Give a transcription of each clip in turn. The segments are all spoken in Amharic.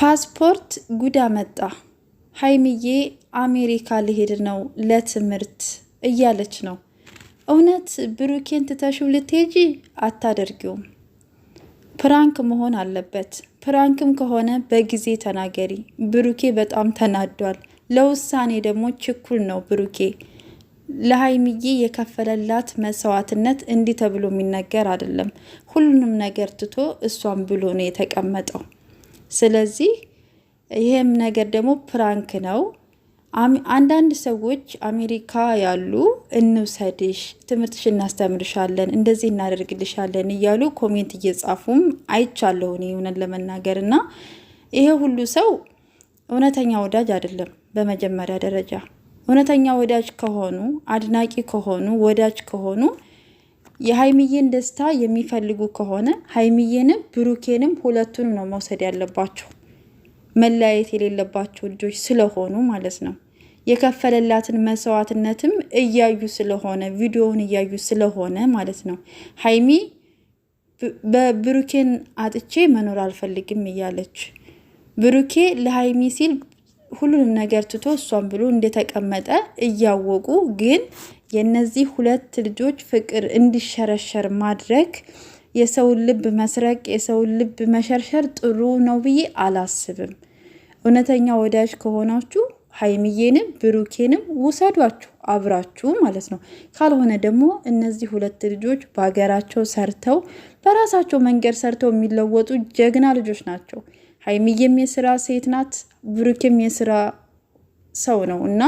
ፓስፖርት ጉዳ መጣ። ሀይሚዬ አሜሪካ ሊሄድ ነው ለትምህርት እያለች ነው። እውነት ብሩኬን ትተሽው ልትሄጂ አታደርጊውም። ፕራንክ መሆን አለበት። ፕራንክም ከሆነ በጊዜ ተናገሪ። ብሩኬ በጣም ተናዷል። ለውሳኔ ደግሞ ችኩል ነው ብሩኬ። ለሀይሚዬ የከፈለላት መስዋዕትነት እንዲህ ተብሎ የሚነገር አይደለም። ሁሉንም ነገር ትቶ እሷን ብሎ ነው የተቀመጠው። ስለዚህ ይህም ነገር ደግሞ ፕራንክ ነው። አንዳንድ ሰዎች አሜሪካ ያሉ እንውሰድሽ፣ ትምህርትሽ እናስተምርሻለን፣ እንደዚህ እናደርግልሻለን እያሉ ኮሜንት እየጻፉም አይቻለሁ እኔ እውነት ለመናገር እና ይሄ ሁሉ ሰው እውነተኛ ወዳጅ አይደለም። በመጀመሪያ ደረጃ እውነተኛ ወዳጅ ከሆኑ አድናቂ ከሆኑ ወዳጅ ከሆኑ የሀይሚዬን ደስታ የሚፈልጉ ከሆነ ሀይሚዬንም ብሩኬንም ሁለቱንም ነው መውሰድ ያለባቸው። መለያየት የሌለባቸው ልጆች ስለሆኑ ማለት ነው። የከፈለላትን መስዋዕትነትም እያዩ ስለሆነ ቪዲዮውን እያዩ ስለሆነ ማለት ነው። ሀይሚ በብሩኬን አጥቼ መኖር አልፈልግም እያለች ብሩኬ ለሀይሚ ሲል ሁሉንም ነገር ትቶ እሷን ብሎ እንደተቀመጠ እያወቁ ግን የእነዚህ ሁለት ልጆች ፍቅር እንዲሸረሸር ማድረግ የሰውን ልብ መስረቅ፣ የሰውን ልብ መሸርሸር ጥሩ ነው ብዬ አላስብም። እውነተኛ ወዳጅ ከሆናችሁ ሀይምዬንም ብሩኬንም ውሰዷችሁ አብራችሁ ማለት ነው። ካልሆነ ደግሞ እነዚህ ሁለት ልጆች በሀገራቸው ሰርተው በራሳቸው መንገድ ሰርተው የሚለወጡ ጀግና ልጆች ናቸው። ሀይምዬም የስራ ሴት ናት፣ ብሩኬም የስራ ሰው ነው እና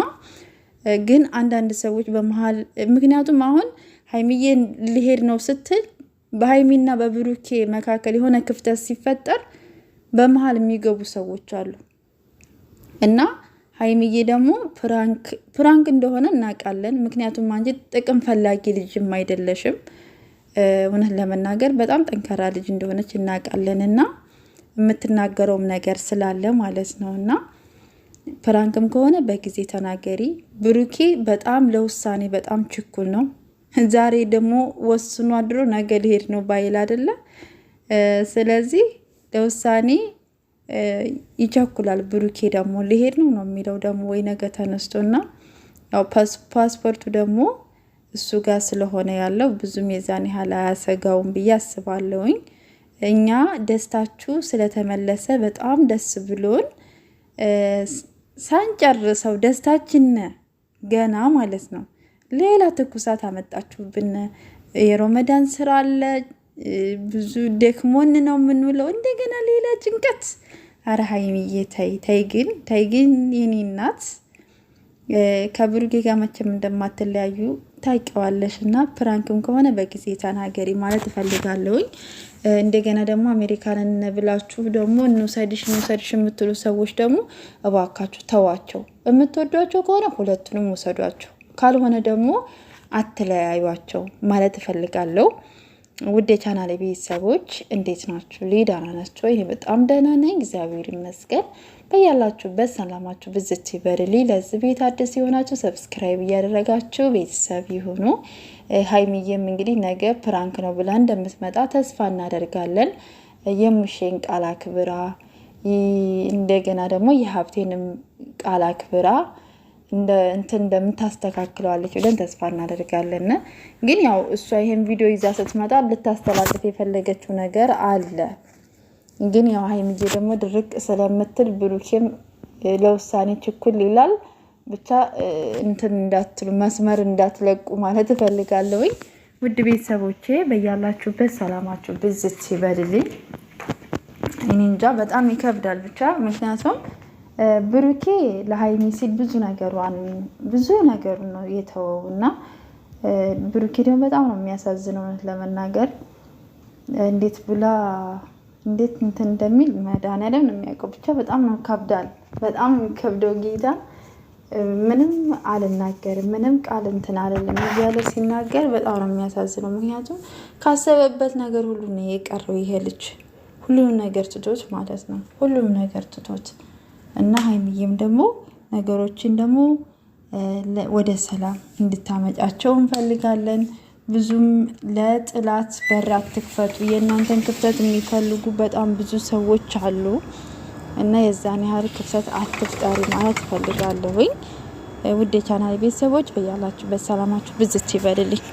ግን አንዳንድ ሰዎች በመሀል ምክንያቱም አሁን ሀይሚዬን ሊሄድ ነው ስትል በሀይሚና በብሩኬ መካከል የሆነ ክፍተት ሲፈጠር በመሀል የሚገቡ ሰዎች አሉ እና ሀይሚዬ ደግሞ ፕራንክ ፕራንክ እንደሆነ እናውቃለን። ምክንያቱም አንቺ ጥቅም ፈላጊ ልጅም አይደለሽም። እውነት ለመናገር በጣም ጠንካራ ልጅ እንደሆነች እናውቃለን እና የምትናገረውም ነገር ስላለ ማለት ነው እና ፕራንክም ከሆነ በጊዜ ተናገሪ። ብሩኬ በጣም ለውሳኔ በጣም ችኩል ነው። ዛሬ ደግሞ ወስኖ አድሮ ነገ ሊሄድ ነው ባይል አደለ። ስለዚህ ለውሳኔ ይቸኩላል። ብሩኬ ደግሞ ሊሄድ ነው ነው የሚለው ደግሞ ወይ ነገ ተነስቶ እና ያው ፓስፖርቱ ደግሞ እሱ ጋር ስለሆነ ያለው ብዙም የዛን ያህል አያሰጋውም ብዬ አስባለሁኝ። እኛ ደስታችሁ ስለተመለሰ በጣም ደስ ብሎን ሳንጨርሰው ደስታችን ገና ማለት ነው ሌላ ትኩሳት አመጣችሁብን። የሮመዳን ስራ አለ፣ ብዙ ደክሞን ነው የምንውለው። እንደገና ሌላ ጭንቀት። አረ ሀይሚዬ ተይ ተይ፣ ግን ተይ ግን የኔ እናት ከብሩጌ ጋር መቼም እንደማትለያዩ ታውቂዋለሽ እና ፕራንክም ከሆነ በጊዜ ተናገሪ ማለት እፈልጋለሁኝ። እንደገና ደግሞ አሜሪካንን ብላችሁ ደግሞ እንውሰድሽ እንውሰድሽ የምትሉ ሰዎች ደግሞ እባካችሁ ተዋቸው። የምትወዷቸው ከሆነ ሁለቱንም ውሰዷቸው፣ ካልሆነ ደግሞ አትለያዩቸው ማለት እፈልጋለሁ። ውድ የቻናል ቤተሰቦች እንዴት ናችሁ? ሊዳና ናቸው። ይህ በጣም ደህና ነኝ፣ እግዚአብሔር ይመስገን። በያላችሁበት ሰላማችሁ ብዝት ይበርልኝ። ለዚህ ቤት አዲስ የሆናችሁ ሰብስክራይብ እያደረጋችሁ ቤተሰብ ይሁኑ። ሀይሚዬም እንግዲህ ነገ ፕራንክ ነው ብላ እንደምትመጣ ተስፋ እናደርጋለን። የሙሼን ቃል አክብራ እንደገና ደግሞ የሀብቴንም ቃል አክብራ እንደ እንትን እንደምታስተካክለዋለች ብለን ተስፋ እናደርጋለን። ግን ያው እሷ ይሄን ቪዲዮ ይዛ ስትመጣ ልታስተላልፍ የፈለገችው ነገር አለ። ግን ያው ሀይሚዬ ደግሞ ድርቅ ስለምትል ብሩኬም ለውሳኔ ችኩል ይላል። ብቻ እንትን እንዳትሉ መስመር እንዳትለቁ ማለት እፈልጋለሁኝ። ውድ ቤተሰቦቼ በያላችሁበት ሰላማችሁ ብዝት ይበልልኝ። እኔ እንጃ በጣም ይከብዳል ብቻ ምክንያቱም ብሩኬ ለሀይሚ ሲል ብዙ ነገሯን ብዙ ነገሩ ነው የተወው እና ብሩኬ ደግሞ በጣም ነው የሚያሳዝነው። እውነት ለመናገር እንዴት ብላ እንዴት እንትን እንደሚል መድኃኒዓለም ነው የሚያውቀው። ብቻ በጣም ነው ከብዳል፣ በጣም ከብደው ጌታ ምንም አልናገርም ምንም ቃል እንትን አልልም እያለ ሲናገር በጣም ነው የሚያሳዝነው። ምክንያቱም ካሰበበት ነገር ሁሉ ነው የቀረው ይሄ ልጅ፣ ሁሉም ነገር ትቶት ማለት ነው፣ ሁሉም ነገር ትቶት እና ሀይሚዬም ደግሞ ነገሮችን ደግሞ ወደ ሰላም እንድታመጫቸው እንፈልጋለን። ብዙም ለጥላት በር አትክፈቱ። የእናንተን ክፍተት የሚፈልጉ በጣም ብዙ ሰዎች አሉ እና የዛን ያህል ክፍተት አትፍጠሪ ማለት እፈልጋለሁኝ። ውድ የቻናል ቤተሰቦች በያላችሁ በሰላማችሁ ብዝት ይበልልኝ።